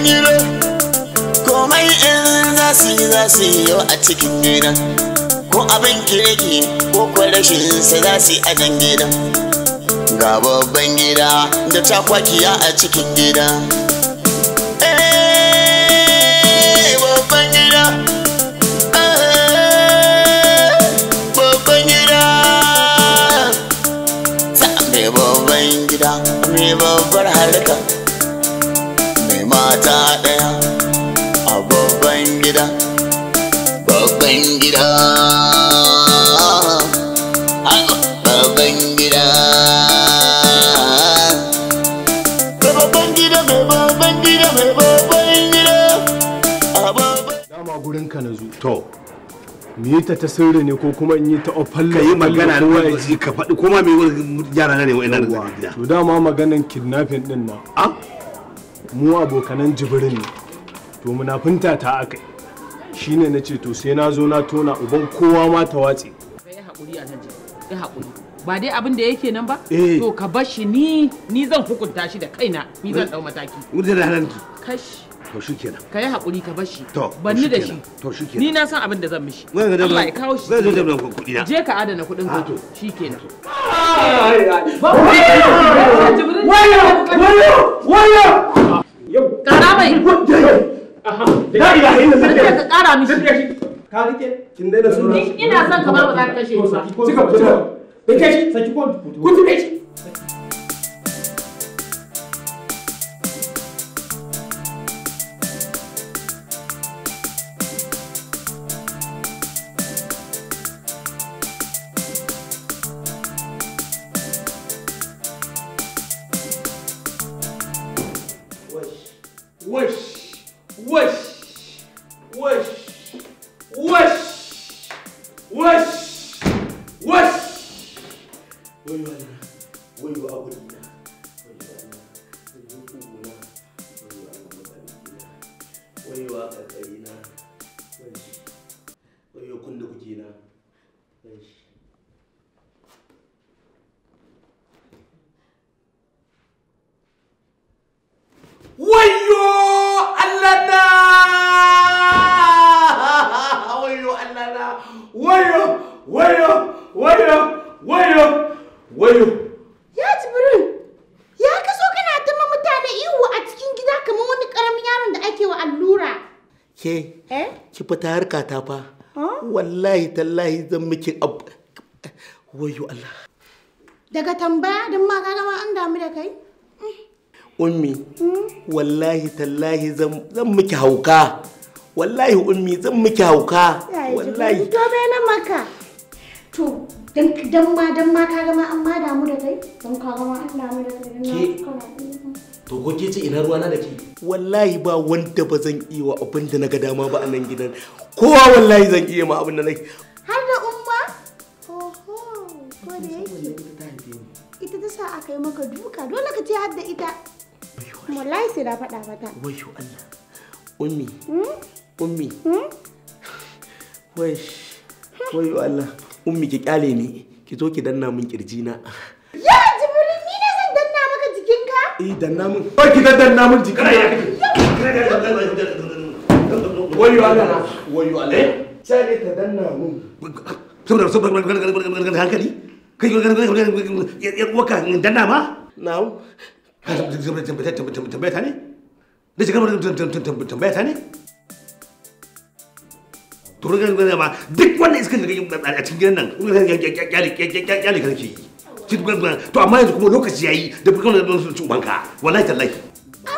giro komai in za su yi za yi yau a cikin gida, ko abin kirki ko kwa su za su yi a nan gidan ga babban gida da takwakiya a cikin gida to mu yi ta ta sirri ne ko kuma in yi ta ofalla yi magana ne ka faɗi ko ma mai yara ne wa ina da to dama maganan kidnapping din nan a mu abokanan jibrin ne to munafunta ta akai shine na ce to sai na zo na tona uban kowa ma ta watse kai hakuri a nan kai hakuri ba dai abin da yake nan ba eh. to ka bar shi ni ni zan hukunta shi da kaina ni zan dau mataki wurin ranar kashi to shikenan ka yi hakuri ka bashi to banni da shi to ni na san abin da zan mishi Allah ya kawo shi zai zo da kuɗi na je ka adana kuɗin ka to shikenan wayo wayo wayo kara mai la ka kara mishi ka rike kin daina ina son ka ba za ka kashe ba mana wayo a gudana wayo a ƙarƙarina wayo ta harka ta fa wallahi tallahi zan miki abu wayo Allah daga tambaya don ma ka gama an damu da kai ummi hmm? wallahi tallahi zan miki hauka wallahi ummi zan miki hauka wallahi to bai na maka to dan ma dan ka gama an ma damu da kai don ka gama an damu da kai ke to ko ke ce ina ruwana da ke wallahi ba wanda ba zan iya wa abin da naga dama ba a nan gidan kowa wallahi zan iya ma abin da nake har da umma oho ko da yake ita ta sa aka yi maka duka dole ka ce har da ita wallahi sai na faɗa mata wayo Allah ummi hmm? ummi hmm? wash wayo Allah ummi ki kyale ni ki zo ki danna min kirji na ya jibril ni ne zan danna maka jikinka eh danna min ko ki danna min jikinka wayo Allah wayo Allah sai ne ta danna min saboda saboda hankali kai ya waka danna ma na'am tambaya ta ne da shi tambaya ta ne to ruga ruga ba duk wannan iskan da kake a cikin gidan nan ya kyale ya kyale ya to ya yanzu kuma lokaci yayi da ya da su ubanka ya tallahi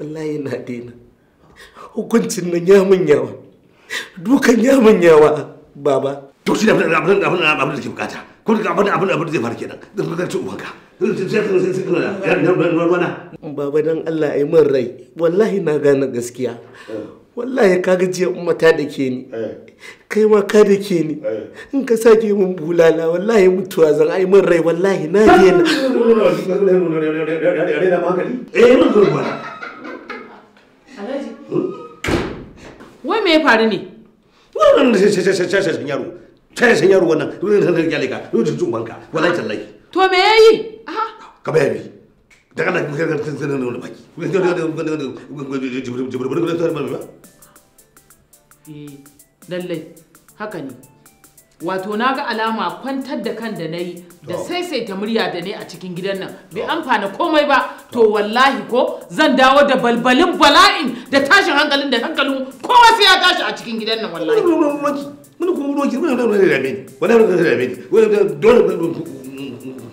wallahi na daina hukuncin nan ya mun yawa dukan ya mun yawa baba to shi da abin da abin da abin da ke bukata ko da abin da abin da abin da zai fara kenan da kuma zai ubanka baba dan Allah ai min rai wallahi na gane gaskiya wallahi ka jiya umma ta da ke ni kai ma ka da ke ni in ka sake mun bulala wallahi mutuwa zan ai min rai wallahi na je na eh mun gurbana me ya faru ne wannan shashashan yaro shashashan yaro wannan ruwan sanar gyale ka da cikin ka, wallahi tallahi to me ya yi ka bayani da kana kan sanar da wani baki lallai haka ne wato na ga alama kwantar da kan da na yi da saisaita murya da ne a cikin gidan nan bai amfana komai ba to wallahi ko zan dawo da balbalin bala'in da tashin hankalin da hankalin kowa sai ya tashi a cikin gidan nan wallahi mun kuma roki mun da da ne wala da da ne wala da dole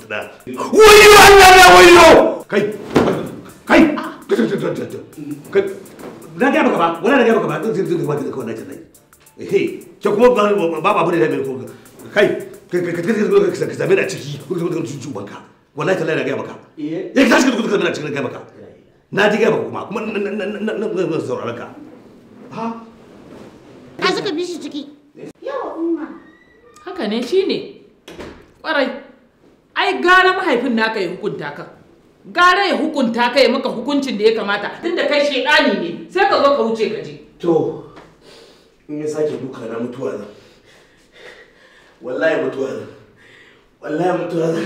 da wayo Allah da wayo kai kai kai na ga baka ba wala da ga baka ba zai kawai dai ke kuma ba ba da kai kai kai kai kai kai kai kai kai kai kai kai kai kai kai kai kai kai wallahi tallahi na gaya maka eh. ya ka tashi kudu kana cikin gaya maka na ji gaya maka kuma kuma na na na na a na na na na na na haka ne shine kwarai ai gara mahaifin naka ya hukunta ka gara ya hukunta ka ya maka hukuncin da ya kamata tunda kai shedani ne sai ka zo ka wuce ka je to in ya sake duka na mutuwa zan wallahi mutuwa zan wallahi mutuwa zan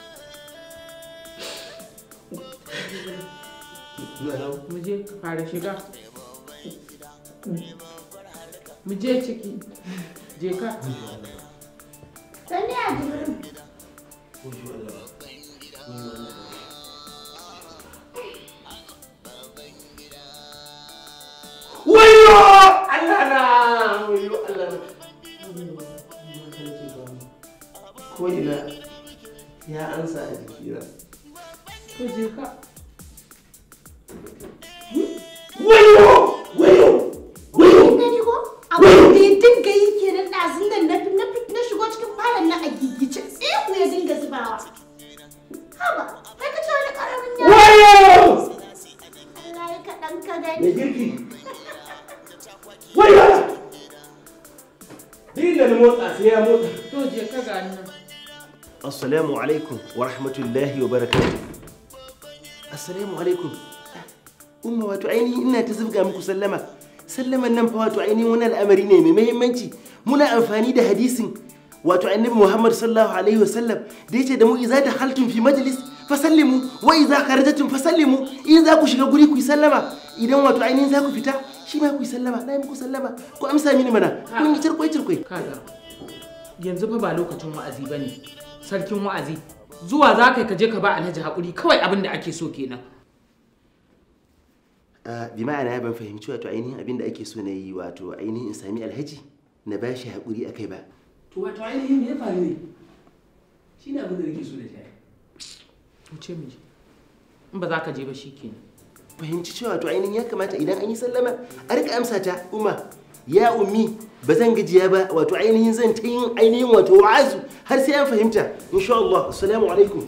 mu je fara shiga ciki je ka sani a wayo allah na wayo allah na ko ina ya ansa a jikina abin da ya dinga yi kenan ɗazun nan na shigo cikin falon na a gigice ihu ya dinga zubawa haba kai ka ce wani ƙaramin yaro wayo Allah ya kaɗan ka gani mai girki wayo din na motsa sai ya motsa to je ka gani nan assalamu alaikum wa rahmatullahi wa barakatuh assalamu alaikum umma wato ainihin ina ta zubga muku sallama sallaman nan fa wato ainihin wani al'amari ne mai muhimmanci muna amfani da hadisin wato annabi Muhammad sallallahu alaihi wasallam da yace da mu idza dakhaltum fi majlis fasallimu wa idza kharajtum fasallimu in za ku shiga guri ku yi sallama idan wato ainihin za ku fita shi ma ku yi sallama na yi muku sallama ku amsa mini mana kun yi cirkwai cirkwai kaga yanzu fa ba lokacin wa'azi bane sarkin wa'azi zuwa za ka je ka ba alhaji haƙuri kawai abin da ake so kenan bi ma'ana ban fahimci wato ainihin abin da ake so na yi wato ainihin in sami alhaji na ba shi haƙuri kai ba to wato ainihin me ya faru ne shi ne abin da nake so da shi to ce mu in ba za ka je ba shi shikenan fahimci cewa wato ainihin ya kamata idan an yi sallama a rika amsa ta umma ya ummi ba zan gajiya ba wato ainihin zan ta yin ainihin wato wa'azu har sai an fahimta insha Allah assalamu alaikum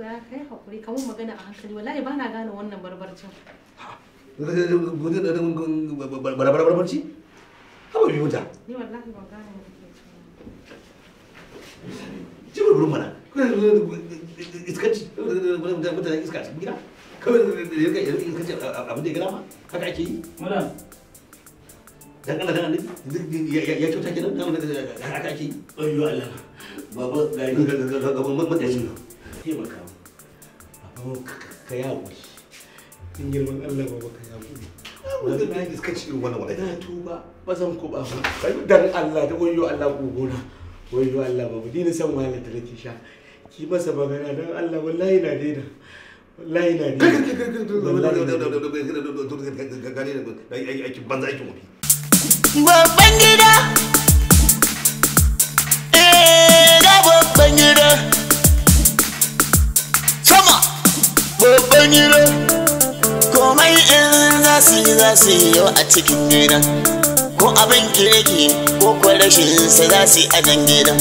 ya kai hakuri kamar magana a hankali wallahi ba na gane wannan barbarcin barbarci haba bi ta. ni wallahi ban gane ji barbarun mana iskaci mutane iska cikin gida kawai da abin da ya gana ma haka ake yi dan Allah dan ya kyauta dan haka ake yi ayyo Allah baba ga ga ga ga ka ya wuce in girman Allah ba ka ya wuce wanda na yi iska cikin wani wani na tuba ba zan ku ba dan Allah da wayo Allah gobona wayo Allah ba mu dina san wani da nake sha ki masa magana dan Allah wallahi na daina wallahi na daina aikin eh babban gida gire komai in za su yi za su yi yau a cikin gida ko abin kirki ko kwa rashin sa za su yi a nan gida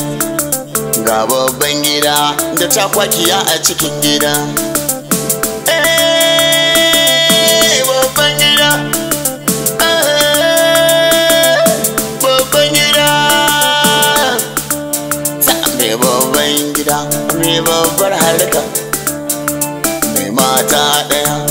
ga babban gida da cakwakiya a cikin gida eh, babban gida eh, babban gida mai babbar halka mata ɗaya